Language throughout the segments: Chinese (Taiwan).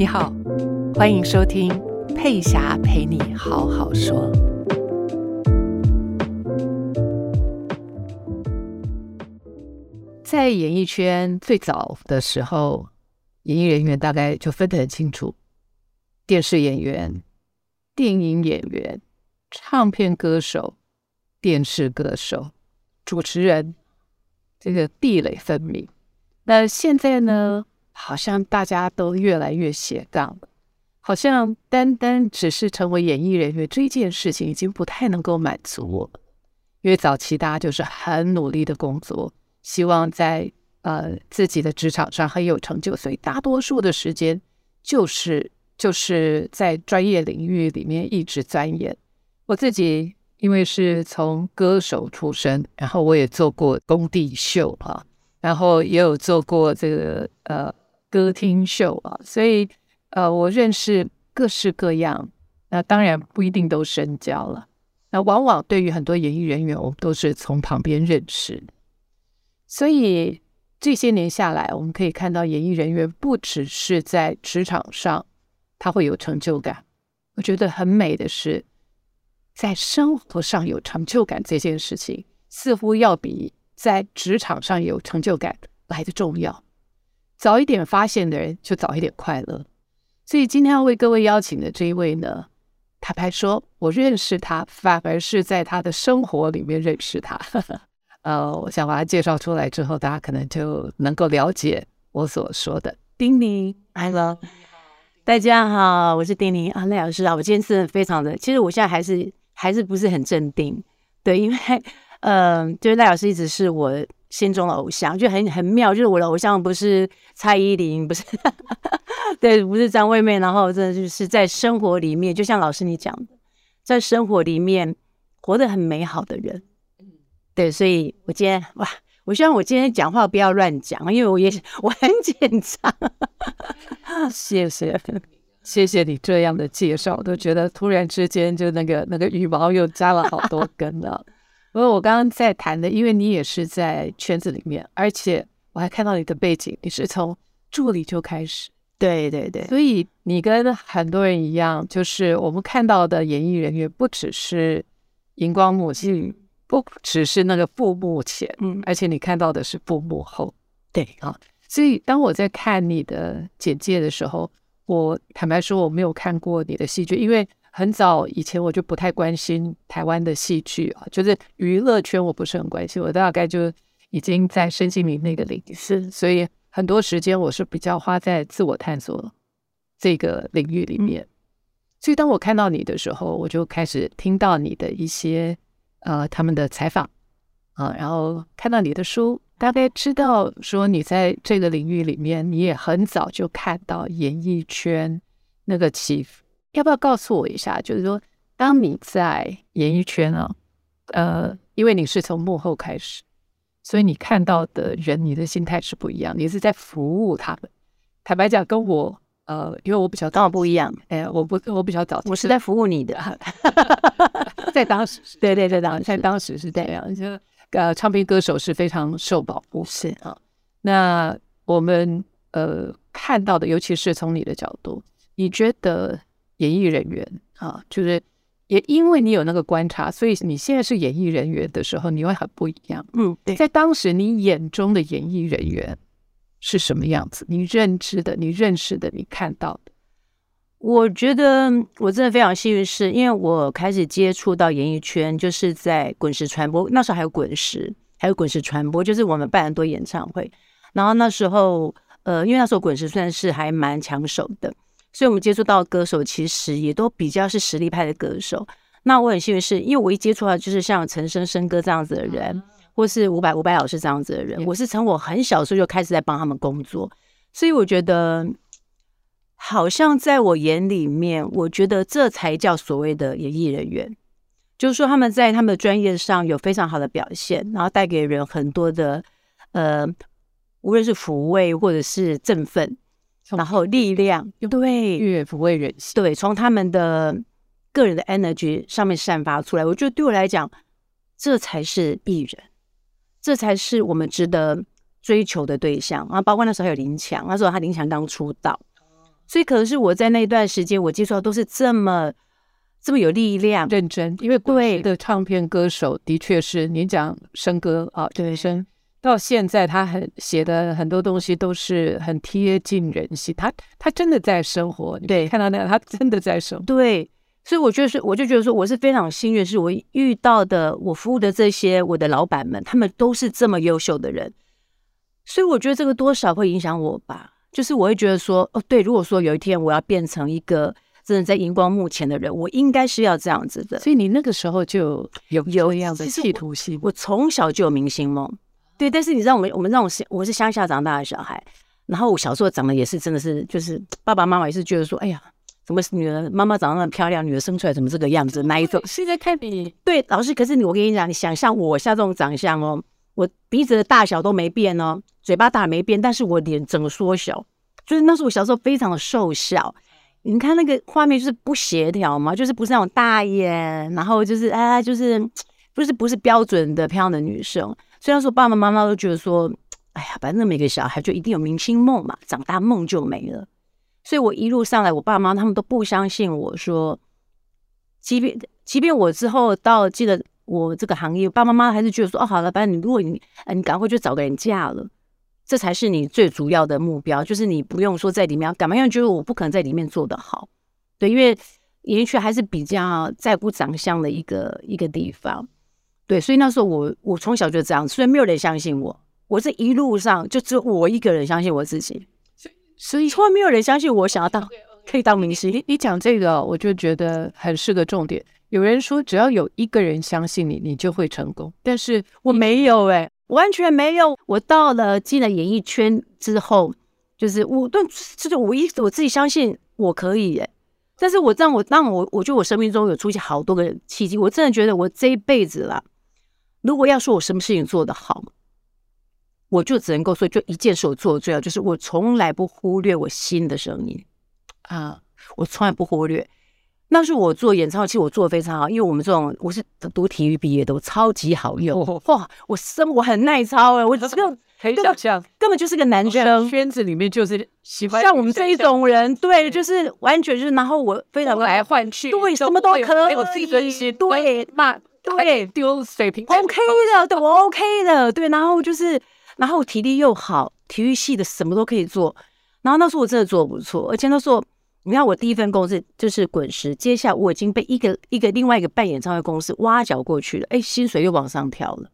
你好，歡迎收聽佩霞陪你好好說。在演藝圈最早的時候，演藝人員大概就分得很清楚：電視演員、電影演員、唱片歌手、電視歌手、主持人，這個壁壘分明。那現在呢？好像大家都越來越斜槓了，好像單單只是成為演藝人員這件事情已經不太能夠滿足我，因為早期大家就是很努力的工作，希望在呃自己的職場上很有成就，所以大多數的時間就是就是在專業領域裡面一直鑽研。我自己因為是從歌手出身，然後我也做過工地秀啊，然後也有做過這個呃。歌廳秀啊，所以呃，我認識各式各樣，那當然不一定都深交了。那往往對於很多演藝人員，我們都是從旁邊認識。所以這些年下來，我們可以看到，演藝人員不只是在職場上他會有成就感。我覺得很美的是，在生活上有成就感這件事情，似乎要比在職場上有成就感來得重要。早一點發現的人，就早一點快樂。所以今天要為各位邀請的這一位呢，坦白說，我認識他，反而是在他的生活裡面認識他。 呃，我想把他介紹出來之後，大家可能就能夠了解我所說的丁寧。Hello、嗯、大家好，我是丁寧啊，賴老師啊，我今天是非常的，其實我現在還是還是不是很鎮定，對，因為嗯、呃，就是賴老師一直是我心中的偶像，就很很妙，就是我的偶像不是蔡依林，不是 對，不是張惠妹，然後真的就是在生活裡面，就像老師你講，在生活裡面活得很美好的人，對，所以我今天哇，我希望我今天講話不要亂講，因為我也我很緊張。 謝謝，謝謝你這樣的介紹，我都覺得突然之間就那個那個羽毛又扎了好多根了。 因為我剛剛在談的，因為你也是在圈子裡面，而且我還看到你的背景，你是從助理就開始，對對對，所以你跟很多人一樣，就是我們看到的演藝人員，不只是熒光幕前，嗯，不只是那個布幕前，嗯，而且你看到的是布幕後。對啊，所以當我在看你的簡介的時候，我坦白說我沒有看過你的戲劇，因為。很早以前我就不太關心台灣的戲劇啊，就是娛樂圈我不是很關心，我大概就已經在身心靈那個領域，是，所以很多時間我是比較花在自我探索這個領域裡面，嗯。所以當我看到你的時候，我就開始聽到你的一些呃他們的採訪啊，然後看到你的書，大概知道說你在這個領域裡面，你也很早就看到演藝圈那個起伏。要不要告訴我一下？就是說，當你在演藝圈啊，呃，因為你是從幕後開始，所以你看到的人，你的心態是不一樣。你是在服務他們。坦白講，跟我呃，因為我比較剛好不一樣。哎、欸，我不，我比較早，我是在服務你的。 在當時， 對，對對對，在當，當時是這樣。就呃，唱片歌手是非常受保護是啊、哦。那我們呃看到的，尤其是從你的角度，你覺得？演藝人員啊，就是也因為你有那個觀察，所以你現在是演藝人員的時候，你會很不一樣。嗯，對，在當時你眼中的演藝人員是什麼樣子？你認知的、你認識的、你看到的，我覺得我真的非常幸運，是因為我開始接觸到演藝圈，就是在滾石傳播，那時候還有滾石，還有滾石傳播，就是我們辦很多演唱會。然後那時候，呃，因為那時候滾石算是還蠻搶手的。所以，我們接觸到的歌手其實也都比較是實力派的歌手。那我很幸運，是因為我一接觸到就是像陳升、升哥這樣子的人，或是伍佰、伍佰老師這樣子的人，我是從我很小的時候就開始在幫他們工作。所以，我覺得好像在我眼裡面，我覺得這才叫所謂的演藝人員，就是說他們在他們的專業上有非常好的表現，然後帶給人很多的呃，無論是撫慰或者是振奮。然後力量對，越撫慰人心。對，從他們的個人的 energy 上面散發出來，我覺得對我來講，這才是藝人，這才是我們值得追求的對象啊！包括那時候還有林強，那時候他林強剛出道，所以可能是我在那一段時間，我接觸到都是這麼這麼有力量、認真，因為過去的唱片歌手的確是你講聲歌啊，對聲。對到現在，他很寫的很多東西都是很貼近人心。他他真的在生活，對，看到那個他真的在生活。對，所以我覺得是，我就覺得說，我是非常幸運，是我遇到的，我服務的這些我的老板們，他們都是這麼優秀的人。所以我覺得這個多少會影響我吧，就是我會覺得說，哦，對，如果說有一天我要變成一個真的在熒光幕前的人，我應該是要這樣子的。所以你那個時候就有有這樣的企圖心？我從小就有明星夢。對，但是你知道我們我們讓我是我是鄉下長大的小孩，然後我小時候長得也是真的是就是爸爸媽媽也是覺得說，哎呀，怎麼是女兒媽媽長得那麼漂亮，女兒生出來怎麼這個樣子？哪一種？現在看你對老師，可是你我跟你講，你想象我像這種長相哦，我鼻子的大小都沒變哦，嘴巴大沒變，但是我臉整個縮小，就是那時候我小時候非常的瘦小，你看那個畫面就是不協調嘛，就是不是那種大眼，然後就是哎、啊，就是不、就是不是標準的漂亮的女生。雖然說爸爸媽媽都覺得說，哎呀，反正每個小孩就一定有明星夢嘛，長大夢就沒了。所以我一路上來，我爸媽他們都不相信我說，即便即便我之後到進了我這個行業，爸爸媽媽還是覺得說，哦，好了，反正你如果你、呃、你趕快就找個人嫁了，這才是你最主要的目標，就是你不用說在裡面，要幹嘛？因為覺得我不可能在裡面做得好，對，因為演藝圈還是比較在乎長相的一個一個地方。對，所以那時候我我從小就這樣，雖然沒有人相信我。我這一路上就只有我一個人相信我自己，所以所以從來沒有人相信我想要當 okay, okay. 可以當明星。你你，你講這個，我就覺得很是個重點。有人說只要有一個人相信你，你就會成功，但是我沒有哎、欸，完全沒有。我到了進了演藝圈之後，就是我對，就是我一我自己相信我可以哎、欸，但是我讓我讓我我覺得我生命中有出現好多個契機，我真的覺得我這一輩子啦。如果要說我什麼事情做得好，我就只能夠說，就一件事我做的最好，就是我從來不忽略我心的聲音啊！我從來不忽略，那是我做演唱，其實我做的非常好，因為我們這種我是讀體育畢業的，我超級好用、哦、哇！我生活很耐操我這個很小，強根，根本就是個男生圈子裡面就是喜歡像，像，像我們這一種人、嗯，對，就是完全就是，然後我非常我來換去，對，什麼都可以，對我自己一些，對對，丟水瓶 OK 的，對我 OK 的，對，然後就是，然後體力又好，體育系的什麼都可以做。然後那時候我真的做不錯，而且那時候你看我第一份工作就是滾石，接下來我已經被一個一個另外一個辦演唱會公司挖角過去了，哎、欸，薪水又往上跳了。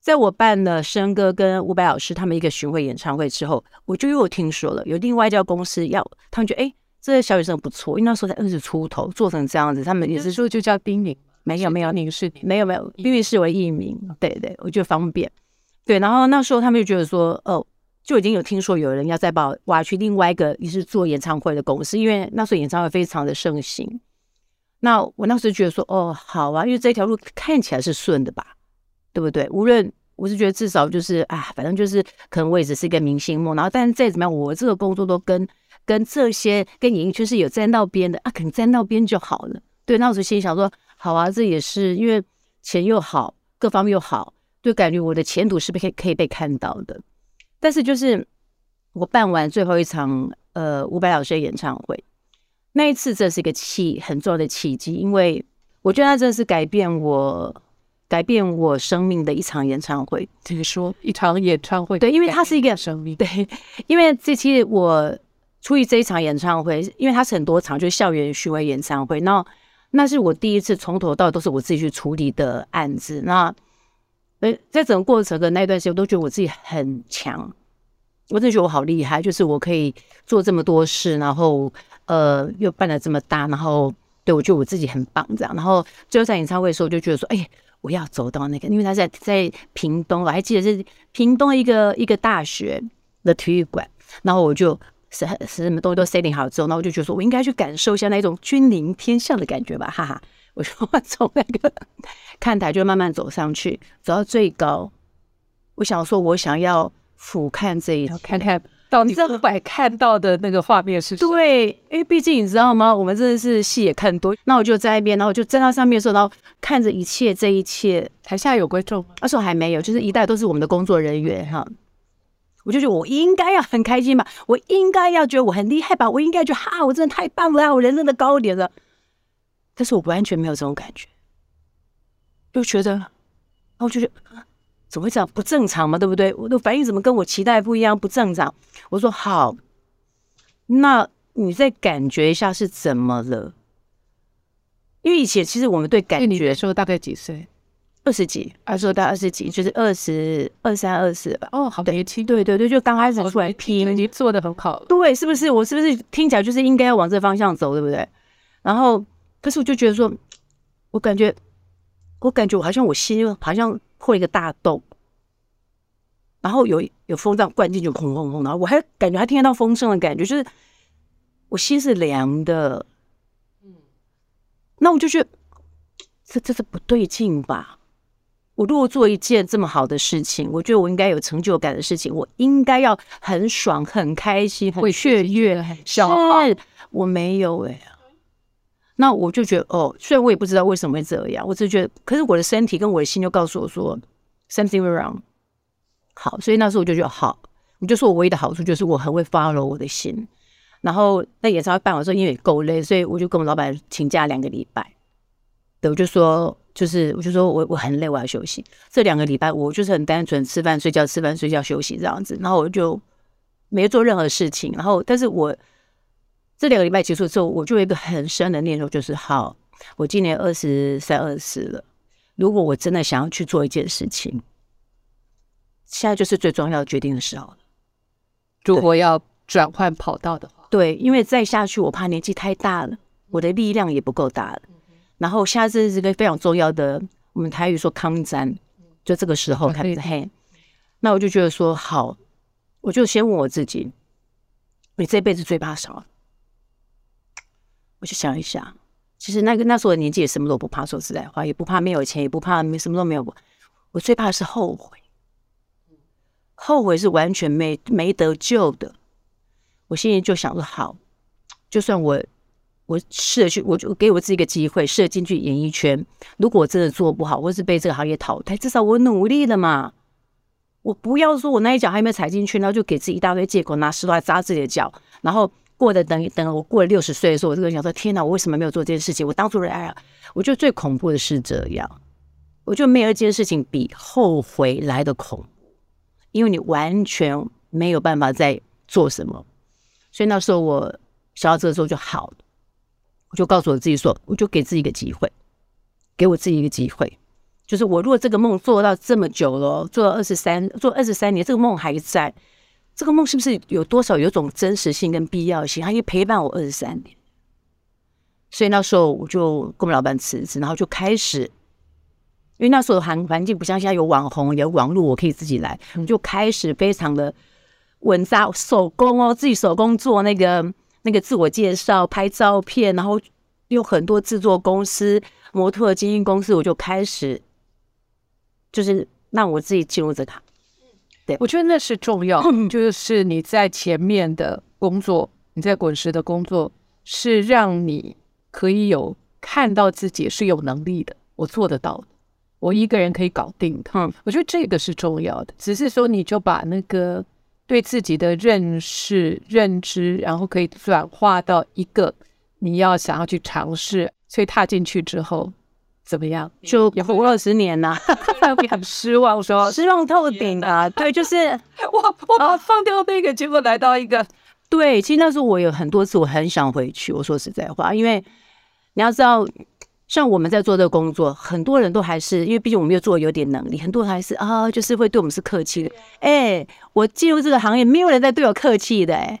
在我辦了深哥跟伍佰老師他們一個巡回演唱會之後，我就又聽說了有另外一家公司要他們覺得哎、欸，這個、小女生不錯，因為那時候才二十出頭，做成這樣子，他們也是說就叫丁寧。沒有沒有，那個是沒有沒有，因為是，是必必為藝名，對對，我覺得方便，對。然後那時候他們就覺得說，哦，就已經有聽說有人要再把我挖去另外一個也是做演唱會的公司，因為那時候演唱會非常的盛行。那我那時候覺得說，哦，好啊，因為這條路看起來是順的吧，對不對？無論我是覺得至少就是啊，反正就是可能我也只是一個明星夢，然後但是再怎麼樣，我這個工作都跟跟這些跟演藝圈是有沾到邊的啊，肯定沾到邊就好了。對，那時候心裡想說。好啊，這也是因為錢又好，各方面又好，就感覺我的前途是不是可以可以被看到的。但是就是我辦完最後一場呃五百老師的演唱會，那一次，這是一個契很重要的契機，因為我覺得它真的是改變我改變我生命的一場演唱會。你說一場演唱會？對，因為它是一個生命。對，因為這期我出於這一場演唱會，因為它是很多場，就是校園巡回演唱會，那是我第一次從頭到尾都是我自己去處理的案子。那呃，在整個過程的那段時間，我都覺得我自己很強，我真的覺得我好厲害，就是我可以做這麼多事，然後呃，又辦了這麼大，然後對我覺得我自己很棒這樣。然後最後在演唱會的時候，我就覺得說，哎、欸，我要走到那個，因為他在在屏東，我還記得是屏東一個一個大學的體育館，然後我就。什什麼東西都設定好之後，那我就覺得說我應該去感受一下那種君臨天下的感覺吧，哈哈！我就從那個看台就慢慢走上去，走到最高，我想說我想要俯瞰這一，看看到你這白看到的那個畫面是什麼？對，因為畢竟你知道嗎，我們真的是戲也看多，那我就在一邊，然後就站到上面的時候，然後看着一切這一切。台下有觀眾嗎？那時候還沒有，就是一帶都是我們的工作人員哈。我就覺得我應該要很開心吧，我應該要覺得我很厲害吧，我應該覺得哈，我真的太棒了，我人生的高點了。但是我完全沒有這種感覺，就覺得，然後我就覺得，怎麼會這樣？不正常嘛，對不對？我的反應怎麼跟我期待不一樣？不正常。我說好，那你再感覺一下是怎麼了？因為以前其實我們對感覺的時候大概幾歲？二十幾，二十到二,二十幾，就是二十二三、二十吧。哦，好年輕，對對對，對，就剛開始出來好好拼，就你做的很好。對，是不是？我是不是聽起來就是應該要往這方向走，對不對？然後，可是我就覺得說，我感覺，我感覺我好像我心好像破了一個大洞，然後有有風這樣灌進去，轟轟轟的，然後我還感覺還聽得到風聲的感覺，就是我心是涼的。嗯，那我就覺得，這這是不對勁吧？我如果做一件這麼好的事情，我覺得我應該有成就感的事情，我應該要很爽、很開心、很雀躍、很興奮。我沒有哎、欸，那我就覺得哦，雖然我也不知道為什麼會這樣，我只覺得，可是我的身體跟我的心就告訴我說 something went wrong。好，所以那時候我就覺得好，我就說我唯一的好處就是我很會 follow 我的心。然後那演唱會辦完之後，因為也夠累，所以我就跟我們老板請假兩個禮拜。對，我就說。就是我就說我，我我很累，我要休息。這兩個禮拜我就是很單純，吃飯睡覺，吃飯睡覺休息這樣子。然後我就沒做任何事情。然後，但是我這兩個禮拜結束之後，我就有一個很深的念頭，就是好，我今年二十三、二十四了。如果我真的想要去做一件事情，現在就是最重要的決定的時候了，如果要轉換跑道的話。對，對，因為再下去我怕年紀太大了，我的力量也不夠大了。然後下一次是一個非常重要的，我們台語說抗戰，就這個時候開始，啊。嘿，那我就覺得說好，我就先問我自己，你這輩子最怕什麼？我就想一下，其實那個那時候的年紀也什麼都不怕，說實在話，也不怕沒有錢，也不怕什麼都沒有。我最怕的是後悔，後悔是完全沒沒得救的。我心裡就想說好，就算我。我試着去，我就給我自己一個機會，試著進去演藝圈。如果我真的做不好，或者是被這個行業淘汰，至少我努力了嘛。我不要說我那一腳還沒有踩進去，然後就給自己一大堆借口，拿石頭來砸自己的腳。然後過的等一等，我過了六十歲的時候，我這個人想說，天哪，啊，我為什麼沒有做這件事情？我當初的愛啊，我覺得最恐怖的是這樣。我覺得沒有一件事情比後悔來的恐怖，因為你完全沒有辦法再做什麼。所以那時候我想到這個時候就好了。就告訴我自己說，我就給自己一個機會，給我自己一個機會，就是我如果這個夢做到這麼久了，哦，做到二十三，做二十三年，這個夢還在，這個夢是不是有多少有種真實性跟必要性？它就陪伴我二十三年。所以那時候我就跟我們老板辭職，然後就開始，因為那時候的環環境不像現在有網紅，有網絡，我可以自己來，我就開始非常的穩扎手工哦，自己手工做那個。那個自我介紹、拍照片，然後有很多製作公司、模特經紀公司，我就開始就是讓我自己進入這個行業。對，我覺得那是重要的， 就是你在前面的工作，你在滾石的工作，是讓你可以有看到自己是有能力的，我做得到的，我一個人可以搞定的。嗯，我覺得這個是重要的，只是說你就把那個。對自己的認識、認知，然後可以轉化到一個你要想要去嘗試，所以踏進去之後怎麼樣，就也不過二十年吶、啊，還會 很失望說，說失望透頂啊， 對，就是我我把放掉那個， 結果來到一個，對，其實那時候我有很多次，我很想回去，我說實在話，因為你要知道。像我們在做這個工作，很多人都還是因為畢竟我們又做有點能力，很多人還是啊、哦，就是會對我們是客氣的。哎、欸，我進入這個行業，沒有人在對我客氣的、欸嗯。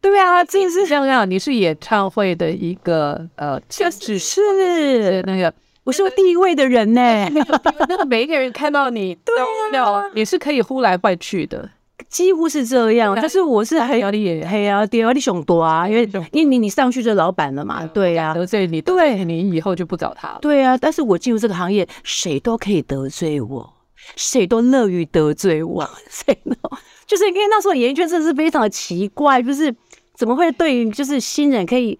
對啊，這也是像樣，你是演唱會的一個呃，這、就、只、是就是那個、那個、我是第地位的人呢、欸。就是、 那個每一個人看到你， 對、啊，你是可以呼來喚去的。幾乎是這樣，但是我是黑阿弟，黑阿弟，有弟熊多啊，啊，因為因為你你上去就老闆了嘛，對呀，得罪你對、啊，對，你以後就不找他對呀、啊、但是我進入這個行業，誰都可以得罪我，誰都樂於得罪我，誰呢？就是因為那時候演藝圈真的是非常的奇怪，就是怎麼會對於就是新人可以，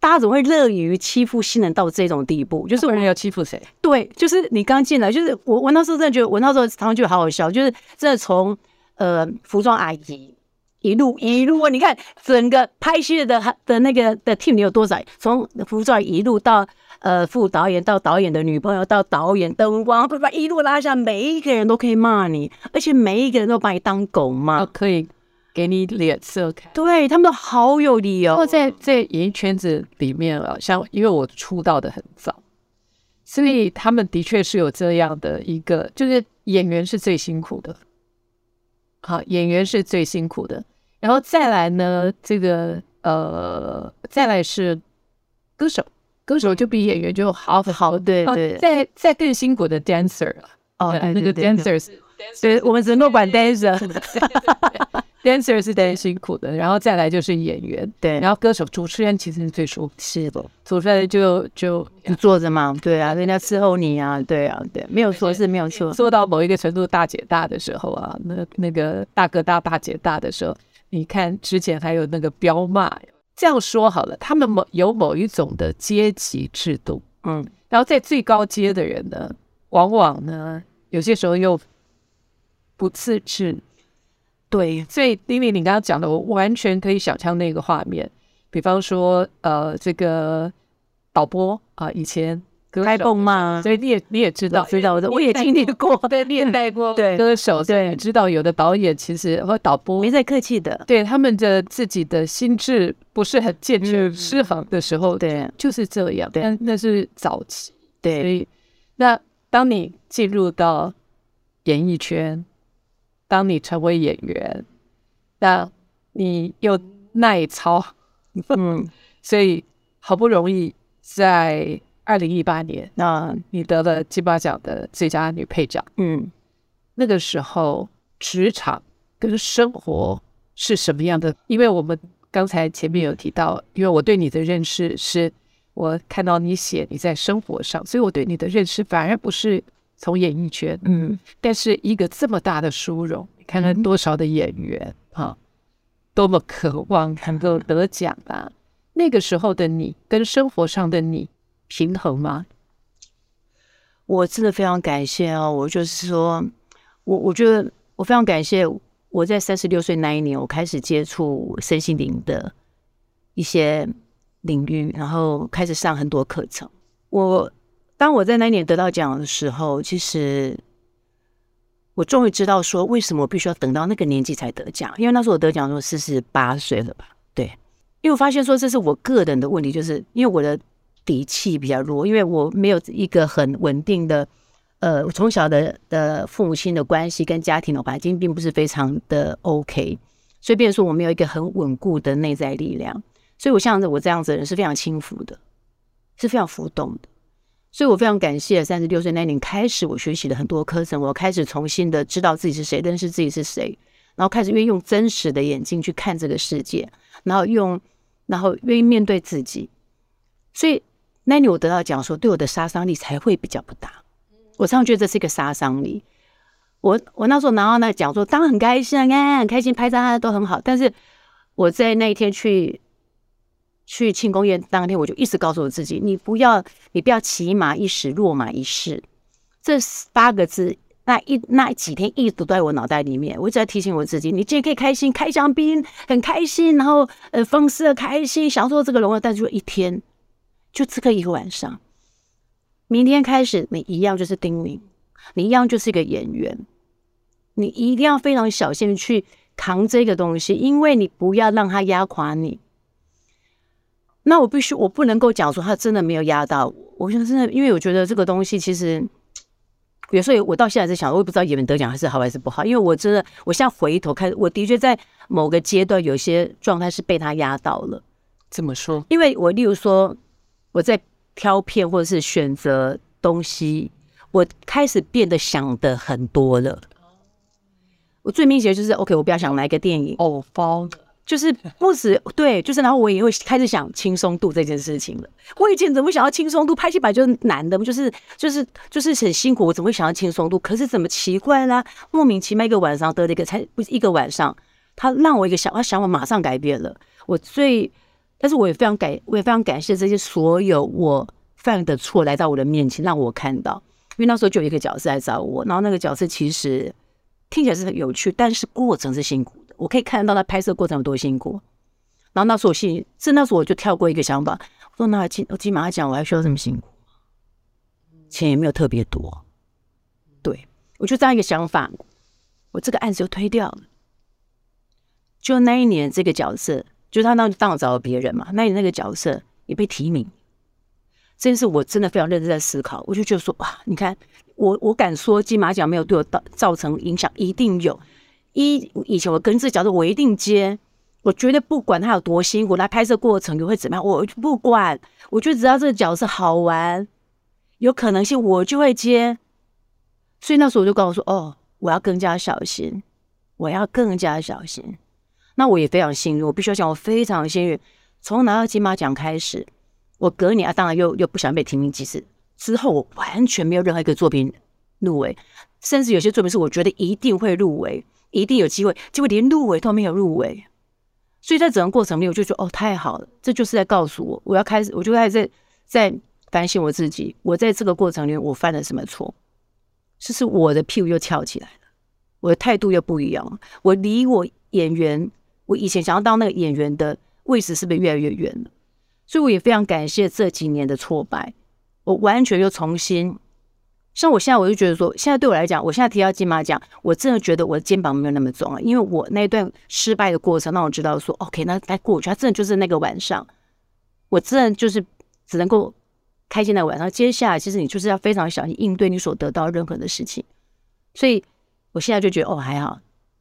大家怎麼會樂於欺負新人到這種地步？就是我們要欺負誰？對，就是你剛進來，就是我我那時候真的覺得我那時候他們覺得好好笑，就是真的從。呃，服裝阿姨，一路一路啊！你看整個拍戲的的，的那個的 team 你有多少？從服裝阿姨一路到呃副導演到導演的女朋友到導演燈光，啪把一路拉下，每一個人都可以罵你，而且每一個人都把你當狗罵。哦，可以給你臉色看。對，他們都好有理由。哦，在在演藝圈子裡面啊，像因為我出道的很早，所以他們的確是有這樣的一個，就是演員是最辛苦的。好，演員是最辛苦的，然後再來呢？這個呃，再來是歌手，歌手就比演員就好、嗯、好，對對。啊、再再更辛苦的 dancer 啊、哦，哦、嗯，那個 dancers。對對對對所以我們只能管 dancer，dancer 是特辛、yeah, 苦的，然後再來就是演員，對，然後歌手、主持人其實是最舒服，是不？主持人就就你坐着嘛， 對啊，人家伺候你啊，對啊，對，對對沒有錯，是沒有錯。做到某一個程度，大姐大的時候啊，那那個大哥大大姐大的時候，你看之前還有那個彪媽，這樣說好了，他們某有某一種的階級制度，嗯，然後在最高階的人呢，往往呢，啊、有些時候又。不自知。對，所以寧寧，你剛剛講的，我完全可以想象那個畫面。比方說，呃，這個導播啊、呃，以前歌手開蹦嘛，所以你也你也知道，我知道，我也經歷過，過，對，你也帶過 對，對，歌手，對，知道有的導演其實和導播沒在客氣的，對他們的自己的心智不是很健全、失衡的時候、嗯嗯，對，就是這樣，對，但那是早期，對，所以那當你進入到演藝圈。當你成為演員，那你又耐操， 嗯，所以好不容易在二零一八年，那你得了金馬獎的最佳女配角，嗯，那個時候職場跟生活是什麼樣的？因為我們剛才前面有提到，因為我對你的認識是我看到你寫你在生活上，所以我對你的認識反而不是。從演藝圈，嗯，但是一個這麼大的殊榮，你看看多少的演員、嗯、啊，多麼渴望能夠、嗯、得、得獎吧。那個時候的你跟生活上的你平衡嗎？我真的非常感謝啊、哦！我就是說我，我覺得我非常感謝，我在三十六歲那一年，我開始接觸身心靈的一些領域，然後開始上很多課程。我。當我在那一年得到獎的時候，其實我終於知道說為什麼我必須要等到那個年紀才得獎。因為那時候我得獎的時候四十八歲了吧？對，因為我發現說這是我個人的問題，就是因為我的底氣比較弱，因為我沒有一個很穩定的，呃，我從小的的父母親的關係跟家庭的環境並不是非常的 OK，所以，變成說我沒有一個很穩固的內在力量，所以我像我這樣子的人是非常輕浮的，是非常浮動的。所以，我非常感謝三十六歲那年開始，我學習了很多課程，我開始重新的知道自己是誰，認識自己是誰，然後開始願意用真實的眼睛去看這個世界，然後用，然後願意面對自己。所以，那年我得到講說，對我的殺傷力才會比較不大。我常常覺得這是一個殺傷力。我我那時候然後呢講說，當然很開心啊，啊很開心，拍照都很好。但是我在那一天去。去慶功宴當天，我就一直告訴我自己：“你不要，你不要騎馬一時，落馬一世。”這八個字，那一那幾天一直都在我腦袋裡面。我一直在提醒我自己：“你今天可以開心，開香檳，很開心，然後呃，放肆的開心，享受這個榮耀，但是就一天，就此刻一個晚上。明天開始，你一樣就是丁寧，你一樣就是一個演員，你一定要非常小心去扛這個東西，因為你不要讓它壓垮你。”那我必須，我不能夠講說他真的沒有壓到。我覺得真的，因為我覺得這個東西其實，有時我到現在在想，我也不知道演得獎還是好還是不好。因為我真的，我現在回頭看，我的確在某個階段有些狀態是被他壓到了。怎麼說？因為我例如說，我在挑片，或者是選擇東西，我開始變得想的很多了。我最明顯就是，OK，我不要想來個電影《偶包》。就是不止對，就是然後我也會開始想輕鬆度這件事情了。我以前怎麼會想要輕鬆度？拍戲本來就是難的，就是就是就是很辛苦。我怎麼會想要輕鬆度？可是怎麼奇怪啦？莫名其妙一個晚上得了一個才，才不是一個晚上，他讓我一個想，他想法馬上改變了。我最，但是我也非常感，我也非常感謝這些所有我犯的錯來到我的面前，讓我看到。因為那時候就有一個角色來找我，然後那個角色其實聽起來是很有趣，但是過程是辛苦。我可以看得到他拍攝過程有多辛苦，然後那時候我心，是那時候我就跳過一個想法，我說那金我金馬獎我還需要這麼辛苦？錢也沒有特別多，對我就這樣一個想法，我這個案子就推掉了。就那一年這個角色，就他那當時找了別人嘛，那年那個角色也被提名，這件事我真的非常認真在思考，我就覺得說哇，你看我我敢說金馬獎沒有對我造造成影響，一定有。一以前我跟這個角色，我一定接，我絕對不管他有多辛苦，他拍攝過程又會怎麼樣，我就不管，我就只要這個角色好玩，有可能性我就會接。所以那時候我就跟我說：“哦，我要更加小心，我要更加小心。”那我也非常幸運，我必須要講，我非常幸運，從拿到金馬獎開始，我隔年啊，當然又又不想被提名幾次之後，我完全沒有任何一個作品入圍，甚至有些作品是我覺得一定會入圍。一定有機會，結果連入圍都沒有入圍，所以在整個過程裡，我就覺得：“哦，太好了，這就是在告訴我，我要開始，我就開始在在，在反省我自己，我在這個過程裡，我犯了什麼錯？是、就是我的屁股又翹起來了？我的態度又不一樣了？我離我演員，我以前想要當那個演員的位置，是不是越來越遠了？所以我也非常感謝這幾年的挫敗，我完全又重新。”像我現在，我就覺得說，現在對我來講，我現在提到金馬獎，我真的覺得我的肩膀沒有那麼重啊，因為我那段失敗的過程，讓我知道說，OK，那再過去，它真的就是那個晚上，我真的就是只能夠開心的晚上。接下來，其實你就是要非常小心應對你所得到任何的事情。所以，我現在就覺得哦，還好，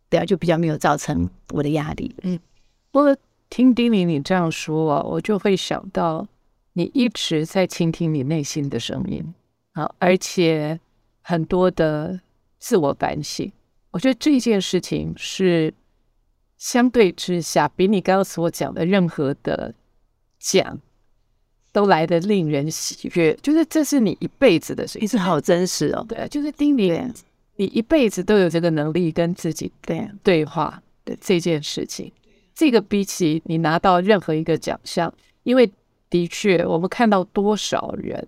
等下、啊、就比較沒有造成我的壓力。嗯、不、嗯、過聽丁寧你這樣說啊、哦，我就會想到你一直在傾聽你內心的聲音。好，而且很多的自我反省，我覺得這件事情是相對之下比你剛剛所講的任何的獎都來得令人喜悅。就是這是你一輩子的事情，一直好真實哦。對啊，就是丁寧，你一輩子都有這個能力跟自己對對話的這件事情，這個比起你拿到任何一個獎項，因為的確我們看到多少人。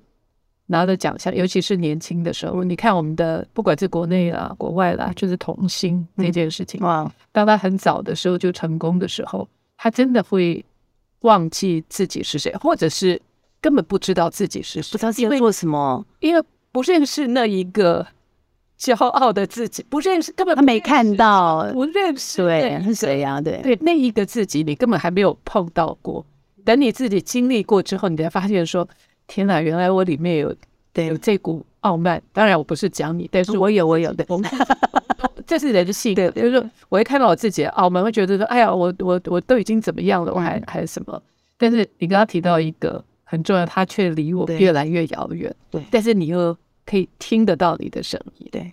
拿的獎項，尤其是年輕的時候，嗯、你看我們的，不管是國內啦、嗯、國外啦，就是童星那件事情、嗯。哇！當他很早的時候就成功的時候，他真的會忘記自己是誰，或者是根本不知道自己是誰，不知道自己會做什麼，因為，因為不認識那一個驕傲的自己，不認識，根本他沒看到，不認識。對，對是誰呀、啊？對對，那一個自己你根本還沒有碰到過，等你自己經歷過之後，你才發現說。天吶，原來我裡面有對有這股傲慢。當然我不是講你，但是我有我有的。我有對 這是人性。對，比如說、就是、我一看到我自己的傲慢，會覺得說：“哎呀，我我我都已經怎麼樣了，我還還有什麼？”但是你剛剛提到一個很重要，他卻離我越來越遙遠，對。對，但是你又可以聽得到你的聲音。對，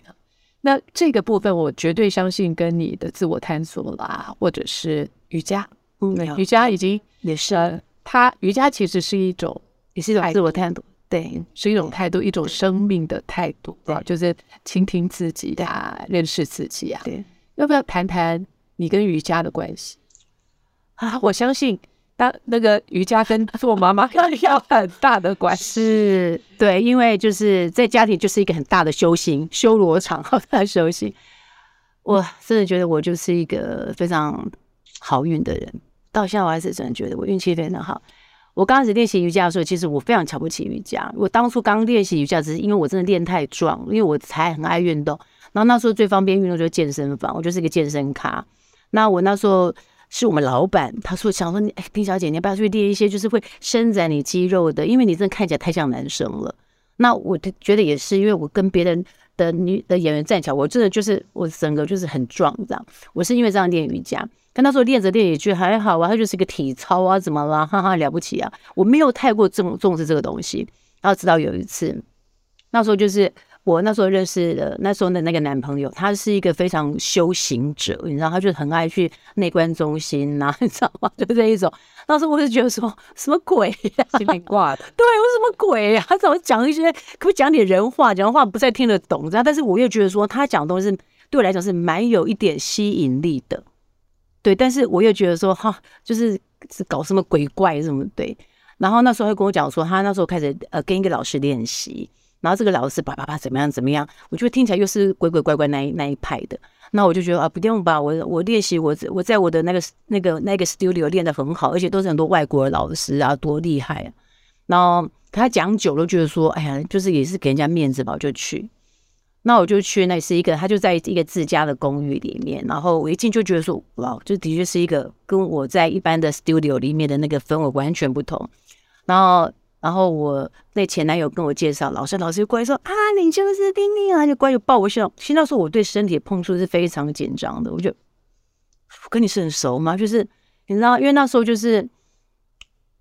那這個部分我絕對相信跟你的自我探索啦，或者是瑜伽。嗯，瑜伽已經也、嗯呃、是。它瑜伽其實是一種。也是一種自我態度對，對，是一種態度，一種生命的態度啊，對，就是傾聽自己啊，認識自己啊。對，要不要談談你跟瑜伽的關係啊？我相信，當那,那個瑜伽跟做媽媽有很大的關係， 對，因為就是在家庭就是一個很大的修行，修羅場的 修行。我真的覺得我就是一個非常好運的人，到現在我還是真的覺得我運氣非常好。我剛開始練習瑜伽的時候，其實我非常瞧不起瑜伽。我當初剛練習瑜伽，只是因為我真的練太壯，因為我才很愛運動。然後那時候最方便運動就是健身房，我就是一個健身咖。那我那時候是我們老闆，他說想說：“哎，丁小姐，你要不要去練一些就是會伸展你肌肉的，因為你真的看起來太像男生了。”那我覺得也是，因為我跟別人的女的演員站起來，我真的就是我整個就是很壯，你知道我是因為這樣練瑜伽。跟他說練着練也就還好啊，他就是個體操啊，怎麼啦？哈哈，了不起啊！我沒有太過重重視這個東西。然後直到有一次，那時候就是我那時候認識的那時候的那個男朋友，他是一個非常修行者，你知道，他就很愛去內觀中心啊，你知道嗎？就這一種。那時候我就覺得說什麼鬼啊，心裡掛的， 對我是什麼鬼啊？怎麼講一些可不講點人話，講的話不再聽得懂。你知道嗎？然後，但是我又覺得說他講的東西對我來講是蠻有一點吸引力的。對，但是我又覺得說哈，就是是搞什麼鬼，怪什麼對。然後那時候他跟我講說，他那時候開始呃跟一個老師練習，然後這個老師把把把怎麼樣怎麼樣，我就聽起來又是鬼鬼怪怪那一那一派的。那我就覺得啊，不用吧，我我練習我我在我的那個那個那個 studio 練得很好，而且都是很多外國的老師啊，多厲害啊。然後他講久了，就是說，哎呀，就是也是給人家面子吧，我就去。那我就去，那是一個，他就在一個自家的公寓裡面。然後我一進就覺得說，哇，這的確是一個跟我在一般的 studio 裡面的那個氛圍完全不同。然後，然後我那前男友跟我介紹，老師，老師就過來說啊，你就是丁丁啊，就過來就抱我笑。其實那時候我對身體的碰觸是非常緊張的，我就，我跟你是很熟嗎？就是你知道，因為那時候就是。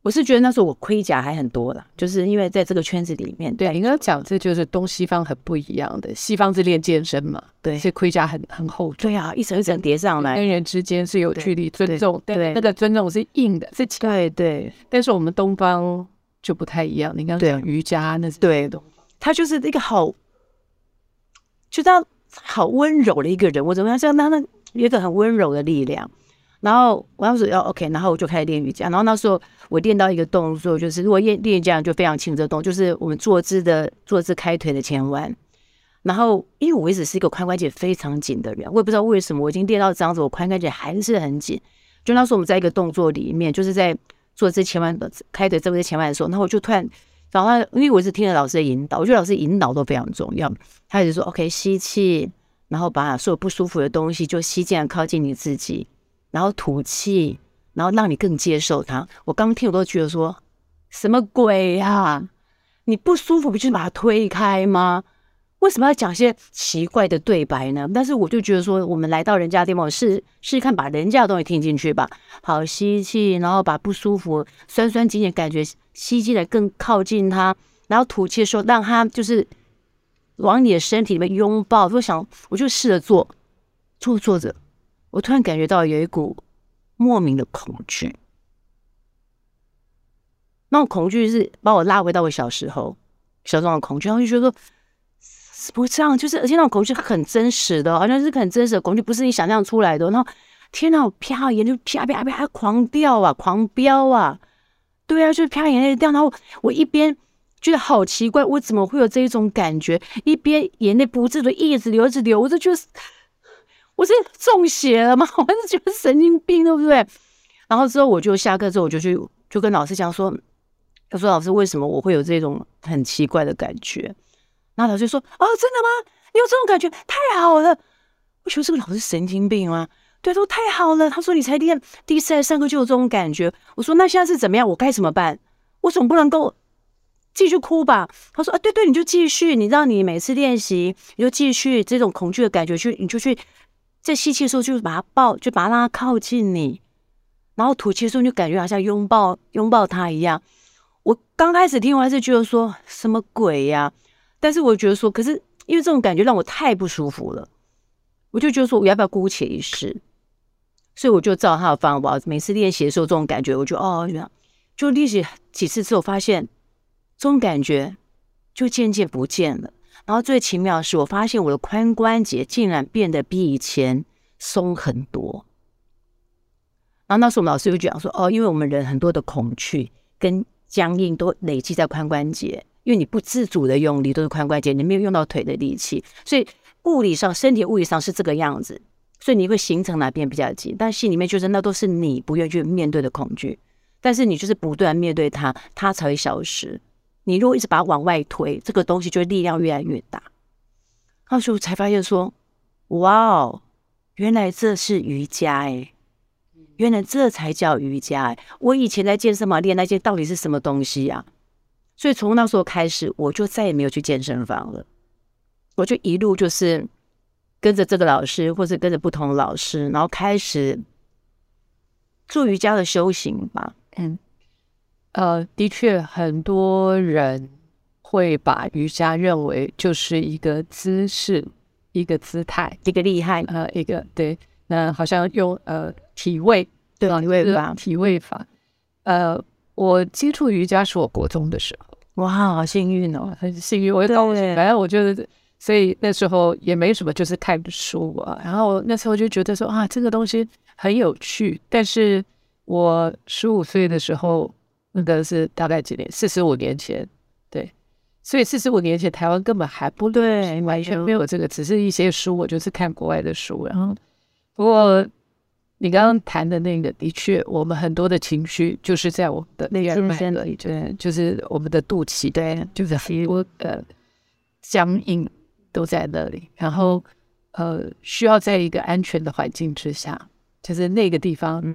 我是覺得那時候我盔甲還很多的，就是因為在這個圈子裡面，對，你剛剛講這就是東西方很不一樣的，西方是練健身嘛，對，這盔甲很很厚重，對啊，一層一層疊上來，跟跟人之間是有距離尊重對對對對對，對，那個尊重是硬的，是強，對對，但是我們東方就不太一樣，你剛剛講瑜伽那是對的，他就是一個好，就是他好溫柔的一個人，我怎麼樣說他那有一個很溫柔的力量，然後我當時要 OK，然後我就開始練瑜伽，然後那時候。我練到一個動作，就是如果練練這樣就非常輕。這個動作就是我們坐姿的坐姿開腿的前彎。然後，因為我一直是一個髖關節非常緊的人，我也不知道為什麼，我已經練到這樣子，我髖關節還是很緊。就那時候我們在一個動作裡面，就是在坐姿前彎、開腿這部分前彎的時候，那我就突然，然後因為我是聽了老師的引導，我覺得老師引導都非常重要。他一直說：“OK，吸氣，然後把所有不舒服的東西就吸進來靠近你自己，然後吐氣。”然後讓你更接受它。我剛聽我都覺得說，什麼鬼呀、啊？你不舒服不就是把它推開嗎？為什麼要講些奇怪的對白呢？但是我就覺得說，我們來到人家的地方，我試，試試看把人家的東西聽進去吧。好，吸氣，然後把不舒服、酸酸甜甜甜、緊緊感覺吸進來，更靠近它，然後吐氣的時候，讓它就是往你的身體裡面擁抱。就想，我就試着做，做做着，我突然感覺到有一股。莫名的恐懼，那種恐懼是把我拉回到我小時候，小時候的恐懼，我就覺得是不這樣？就是而且那種恐懼很真實的，好像是很真實的恐懼，不是你想象出來的。然後天哪，我啪眼就啪啪啪，啪狂掉啊，狂飆啊！對啊，就是啪眼淚掉。然後我，我一邊覺得好奇怪，我怎麼會有這一種感覺，一邊眼淚不自覺一直流，一直流着，我就，就是。我是中邪了嗎？我是覺得神經病，對不對？然後之後我就下課之後我就去就跟老師講說，他說老師為什麼我會有這種很奇怪的感覺？那老師說哦，真的嗎？你有這種感覺太好了。我覺得這個老師神經病啊，對，他說太好了。他說你才練第一次來上課就有這種感覺。我說那現在是怎麼樣？我該怎麼辦？我總不能夠繼續哭吧？他說啊對對你就繼續，你讓你每次練習你就繼續這種恐懼的感覺去你就去。在吸氣的時候，就把它抱，就把它讓它靠近你，然後吐氣的時候，就感覺好像擁抱擁抱它一樣。我剛開始聽完是覺得說什麼鬼呀，啊，但是我覺得說，可是因為這種感覺讓我太不舒服了，我就覺得說，我要不要姑且一試？所以我就照他的方法，我每次練習的時候，這種感覺，我就哦，怎樣？就練習幾次之後，發現這種感覺就漸漸不見了。然後最奇妙的是，我發現我的髖關節竟然變得比以前鬆很多。然後那時候我們老師就講說：“哦，因為我們人很多的恐懼跟僵硬都累積在髖關節，因為你不自主的用力都是髖關節，你沒有用到腿的力氣，所以物理上身體物理上是這個樣子，所以你會形成哪邊比較緊，但心裡面就是那都是你不願意去面對的恐懼，但是你就是不斷面對它，它才會消失。”你如果一直把它往外推，這個東西就力量越來越大。那時候才發現說，哇哦，原來這是瑜伽哎、欸，原來這才叫瑜伽、欸。我以前在健身房練那些到底是什麼東西呀、啊？所以從那時候開始，我就再也沒有去健身房了。我就一路就是跟着這個老師，或者跟着不同的老師，然後開始做瑜伽的修行吧。嗯。呃，的確，很多人會把瑜伽認為就是一個姿勢，一個姿態，一個厲害、嗯。呃，一個對，那好像用呃體位，對，呃、體位法，體位法。呃，我接觸瑜伽是我國中的時候，哇，好幸運哦，很幸運。我反正我就，所以那時候也沒什麼，就是看書啊。然後那時候我就覺得說啊，這個東西很有趣。但是我十五歲的時候。那個是大概幾年，四十五年前，對，所以四十五年前台灣根本還不對，完全沒有這個，只是一些書，我就是看國外的書，然後，嗯、不過你剛剛談的那個，的確，我們很多的情緒就是在我們的，的那個那裡，對，就是我們的肚臍，對，就是很多的、呃、僵硬都在那裡，然後呃，需要在一個安全的環境之下，就是那個地方。嗯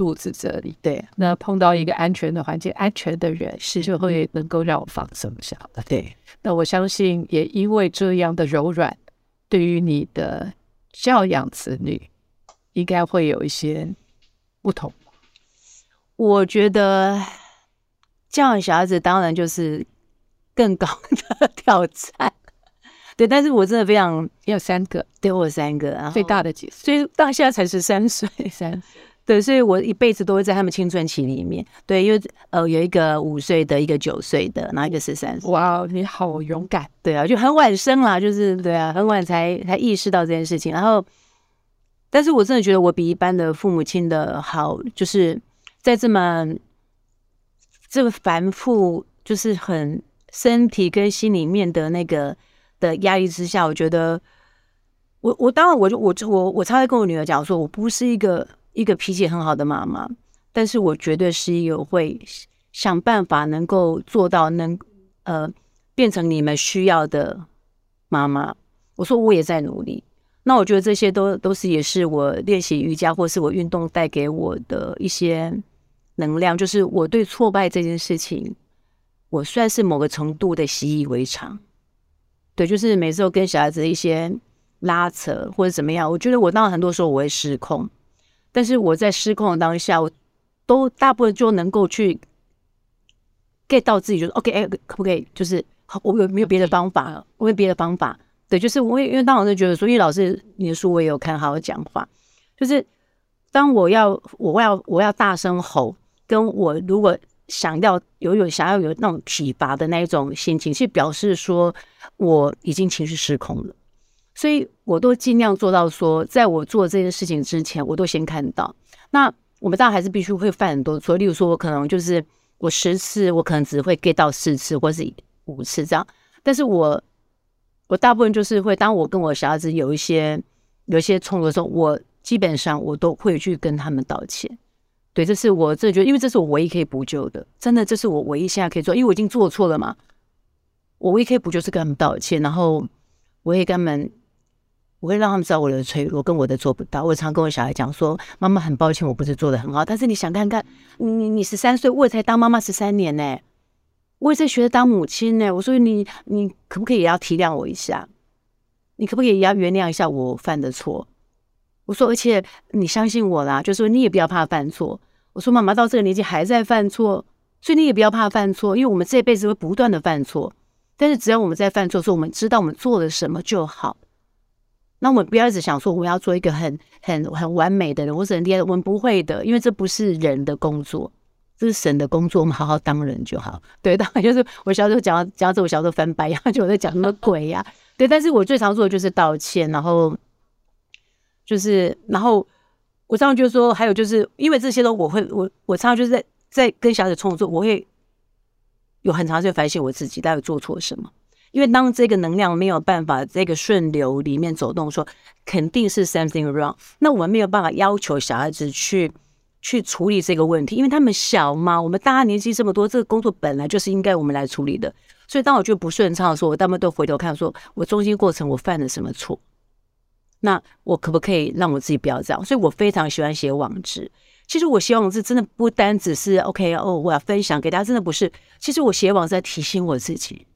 肚子這裡，對，那碰到一個安全的環境，安全的人，是就會能夠讓我放鬆下來。對，那我相信也因為這樣的柔軟，對於你的教養子女，應該會有一些不同。我覺得教養小孩子當然就是更高的挑戰。對，但是我真的非常要三個，對我三個最大的幾歲？所以大現在才十三歲， 三。對，所以我一輩子都會在他們青春期裡面。對，因為呃，有一個五歲的，一個九歲的，然後一個十三歲。哇哦，你好勇敢！對啊，就很晚生啦，就是對啊，很晚才才意識到這件事情。然後，但是我真的覺得我比一般的父母親的好，就是在這麼這麼繁複，就是很身體跟心裡面的那個的壓力之下，我覺得我我當然我就我就我我常常跟我女兒講說，我不是一個。一個脾氣很好的媽媽，但是我絕對是有會想辦法能夠做到能呃變成你們需要的媽媽。我說我也在努力。那我覺得這些都都是也是我練習瑜伽或是我運動帶給我的一些能量，就是我對挫敗這件事情，我算是某個程度的習以為常。對，就是每次我跟小孩子一些拉扯或者怎麼樣，我覺得我當然很多時候我會失控，但是我在失控的當下，我都大部分就能夠去 get 到自己，就說 OK，哎、欸，可不可以？就是我有沒有別的方法？我有沒有別的方法？對，就是我也，因為當時覺得說，所以老師你的書我也有看，好好講話就是當我要我要我要大聲吼，跟我如果想要有有想要有那種體罰的那一種心情，是表示說我已經情緒失控了。所以我都盡量做到說，說在我做這件事情之前，我都先看到。那我們大家還是必須會犯很多錯，所以例如說，我可能就是我十次，我可能只會 get 到四次或是五次這樣。但是我，我大部分就是會，當我跟我小孩子有一些有一些衝突的時候，我基本上我都會去跟他們道歉。對，這是我這覺得，因為這是我唯一可以補救的，真的，這是我唯一現在可以做，因為我已經做錯了嘛。我唯一可以補救是跟他們道歉，然後我也跟他們。我會讓他們知道我的脆弱，我跟我的做不到。我常跟我小孩講說：“媽媽很抱歉，我不是做得很好。但是你想看看，你你你十三歲，我也才當媽媽十三年呢、欸，我也在學着當母親呢。”我說你：“你你可不可以也要體諒我一下？你可不可以也要原諒一下我犯的錯？”我說：“而且你相信我啦，就說、是、你也不要怕犯錯。”我說：“媽媽到這個年紀還在犯錯，所以你也不要怕犯錯，因為我們這輩子會不斷的犯錯，但是只要我們在犯錯的時候，我們知道我們做了什麼就好。”那我們不要一直想說我要做一個很很很完美的人，我者人天，我們不會的，因為這不是人的工作，這是神的工作。我們好好當人就好。對，當然就是我小時候講到講到這，我小時候翻白眼，就我在講什麼鬼呀、啊？對，但是我最常做的就是道歉，然後就是，然後我常常就說，還有就是因為這些都我會，我我常常就是在在跟小孩創衝突，我會有很長時間反省我自己，到底做錯什麼。因為當這個能量沒有辦法這個順流裡面走動，說肯定是 something wrong。那我們沒有辦法要求小孩子去去處理這個問題，因為他們小嘛。我們大家年紀這麼多，這個工作本來就是應該我們來處理的。所以當我覺得不順暢的時候，我他們都回頭看說：“我中心過程我犯了什麼錯？那我可不可以讓我自己不要這樣？”所以我非常喜歡寫網誌。其實我寫網誌真的不單只是 OK 哦，我要分享給大家，真的不是。其實我寫網誌在提醒我自己。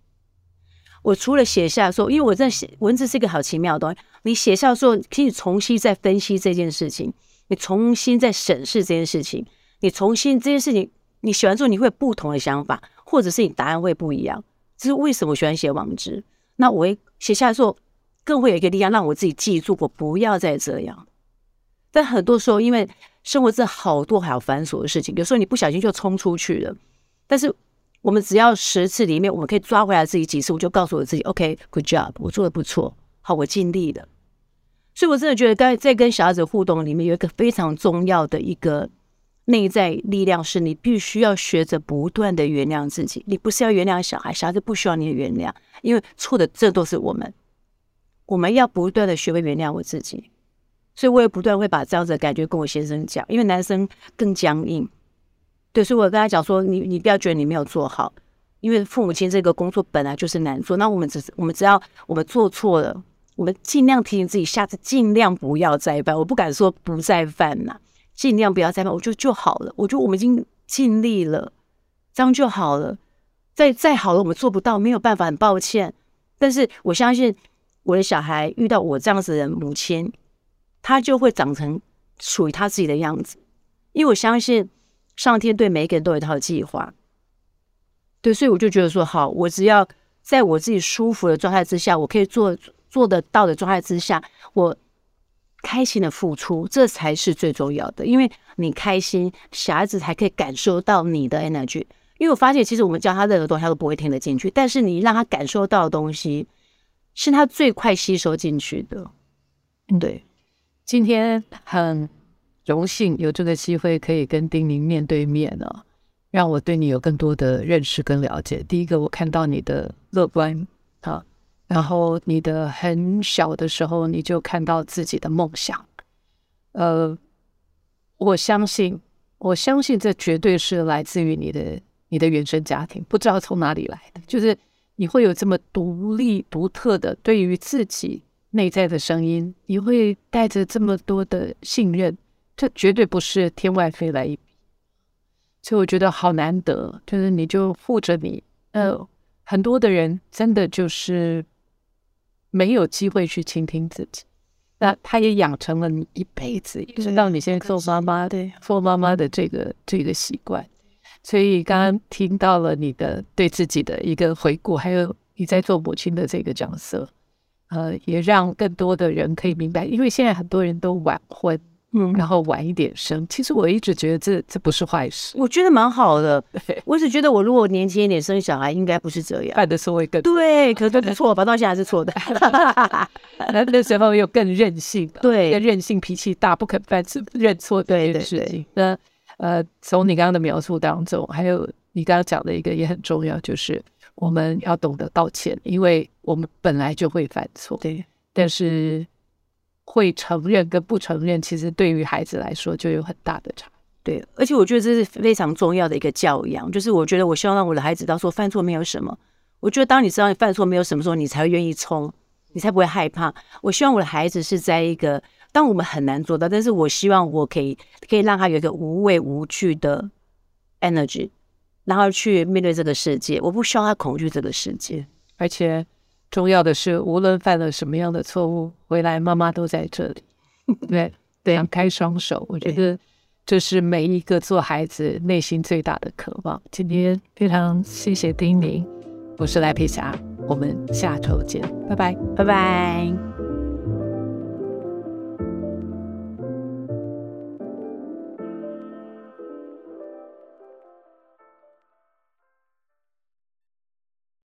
我除了寫下說，因為我在寫文字是一個好奇妙的東西。你寫下說，可以重新再分析這件事情，你重新再審視這件事情，你重新這件事情，你寫完之後你會有不同的想法，或者是你答案會不一樣。這是為什麼喜歡寫網誌？那我會寫下說，更會有一個力量讓我自己記住，我不要再這樣。但很多時候，因為生活是好多好繁瑣的事情，有時候你不小心就衝出去了，但是。我們只要十次裡面，我們可以抓回來自己幾次，我就告訴我自己，OK，good job，我做的不錯，好，我盡力了。所以，我真的覺得在跟小孩子互動裡面，有一個非常重要的一個內在力量，是你必須要學着不斷的原諒自己。你不是要原諒小孩，小孩子不需要你的原諒，因為錯的這都是我們。我們要不斷的學會原諒我自己，所以我也不斷會把這樣子的感覺跟我先生講，因為男生更僵硬。對，所以我跟他講說，你你不要覺得你沒有做好，因為父母親這個工作本來就是難做。那我們只是，我們只要我們做錯了，我們盡量提醒自己，下次盡量不要再犯。我不敢說不再犯吶，盡量不要再犯，我就就好了。我覺得我們已經盡力了，這樣就好了。再再好了，我們做不到，沒有辦法，很抱歉。但是我相信我的小孩遇到我這樣子的人、母親，他就會長成屬於他自己的樣子，因為我相信。上天對每一個人都有一套計劃，對，所以我就覺得說，好，我只要在我自己舒服的狀態之下，我可以做做得到的狀態之下，我開心的付出，這才是最重要的。因為你開心，小孩子才可以感受到你的 energy。因為我發現，其實我們教他任何東西，他都不會聽得進去，但是你讓他感受到的東西，是他最快吸收進去的。對。今天很。榮幸有這個機會可以跟丁寧面對面啊、哦，讓我對你有更多的認識跟了解。第一個，我看到你的樂觀啊，然後你的很小的時候你就看到自己的夢想，呃，我相信，我相信這絕對是來自於你的你的原生家庭，不知道從哪裡來的，就是你會有這麼獨立獨特的對於自己內在的聲音，你會帶着這麼多的信任。這絕對不是天外飛來一筆，所以我覺得好難得。就是你就護着你，呃，很多的人真的就是沒有機會去傾聽自己，那他也養成了你一輩子，一直到你現在做媽媽的對，做媽媽的這個這個習慣。所以剛剛聽到了你的對自己的一個回顧，還有你在做母親的這個角色，呃，也讓更多的人可以明白，因為現在很多人都晚婚。嗯，然後晚一點生，其實我一直覺得這這不是壞事，我覺得蠻好的。我只覺得我如果年輕一點生小孩，應該不是這樣，犯的錯會更多，對，可是錯吧，到現在還是錯的。 那時候又更任性、啊，對，更任性，脾氣大，不肯犯錯，認錯的對的事情。那呃，從你剛剛的描述當中，還有你剛剛講的一個也很重要，就是我們要懂得道歉，因為我們本來就會犯錯，對，但是。嗯會承認跟不承認，其實對於孩子來說就有很大的差。對，而且我覺得這是非常重要的一個教養，就是我覺得我希望讓我的孩子，到時候犯錯沒有什麼。我覺得當你知道你犯錯沒有什麼時候，你才會願意衝，你才不會害怕。我希望我的孩子是在一個，當我們很難做到，但是我希望我可以可以讓他有一個無畏無懼的 energy，然後去面對這個世界。我不希望他恐懼這個世界，而且。重要的是，無論犯了什麼樣的錯誤，回來媽媽都在這裡。 對，對，張開雙手，我覺得這是每一個做孩子內心最大的渴望。今天非常謝謝丁寧，我是賴佩霞，我們下周見，拜拜，拜拜。